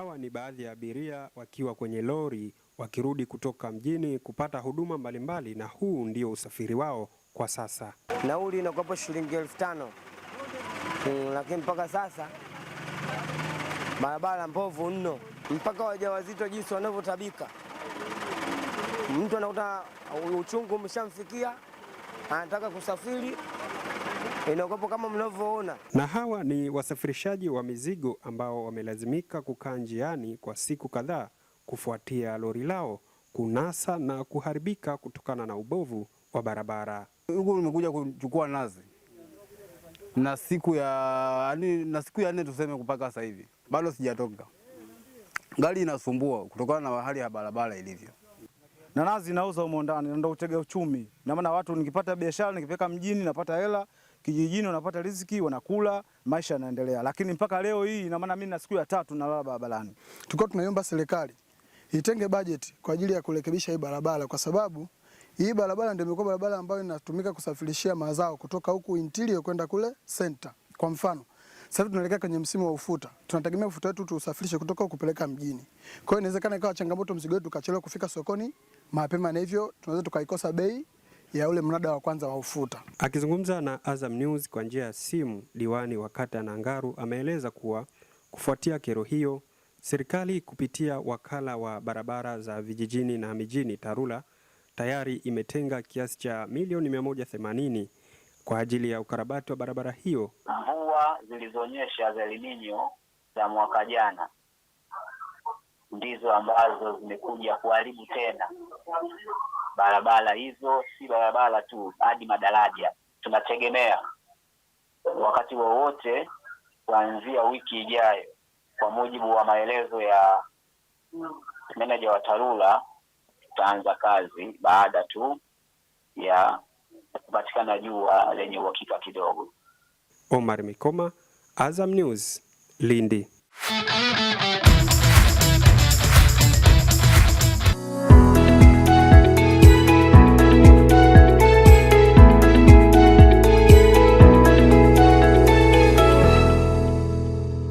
Hawa ni baadhi ya abiria wakiwa kwenye lori wakirudi kutoka mjini kupata huduma mbalimbali, na huu ndio usafiri wao kwa sasa. Nauli inakuwapo shilingi elfu tano mm, lakini mpaka sasa barabara mbovu mno, mpaka wajawazito jinsi wanavyotabika. Mtu anakuta uchungu umeshamfikia, anataka kusafiri inaogopo kama mnavyoona. Na hawa ni wasafirishaji wa mizigo ambao wamelazimika kukaa njiani kwa siku kadhaa kufuatia lori lao kunasa na kuharibika kutokana na ubovu wa barabara. Huku nimekuja kuchukua nazi na siku ya yaani, na siku ya nne tuseme, kupaka sasa hivi bado sijatoka. Gari inasumbua kutokana na hali ya barabara ilivyo, na nazi inauza humo ndani, ndio utega uchumi na maana watu, nikipata biashara nikipeka mjini napata hela kijijini, wanapata riziki, wanakula, maisha yanaendelea. Lakini mpaka leo hii, ina maana mimi na siku ya tatu nalala barabarani. Tulikuwa tunaiomba serikali itenge bajeti kwa ajili ya kurekebisha hii barabara, kwa sababu hii barabara ndio imekuwa barabara ambayo inatumika kusafirishia mazao kutoka huku interior kwenda kule center. Kwa mfano sasa tunaelekea kwenye msimu wa ufuta, tunategemea ufuta wetu tuusafirishe kutoka huku kupeleka mjini. Kwa hiyo inawezekana ikawa changamoto, mzigo wetu kachelewa kufika sokoni mapema, na hivyo tunaweza tukaikosa bei ya ule mnada wa kwanza wa ufuta. Akizungumza na Azam News kwa njia ya simu, diwani wa kata ya Nangaru ameeleza kuwa kufuatia kero hiyo, serikali kupitia wakala wa barabara za vijijini na mijini TARURA tayari imetenga kiasi cha milioni mia moja themanini kwa ajili ya ukarabati wa barabara hiyo. Mvua zilizonyesha za Elininyo za mwaka jana ndizo ambazo zimekuja kuharibu tena barabara hizo, si barabara tu, hadi madaraja. Tunategemea wakati wowote kuanzia wiki ijayo, kwa mujibu wa maelezo ya meneja wa TARURA, tutaanza kazi baada tu ya kupatikana jua lenye uhakika kidogo. Omar Mikoma, Azam News, Lindi.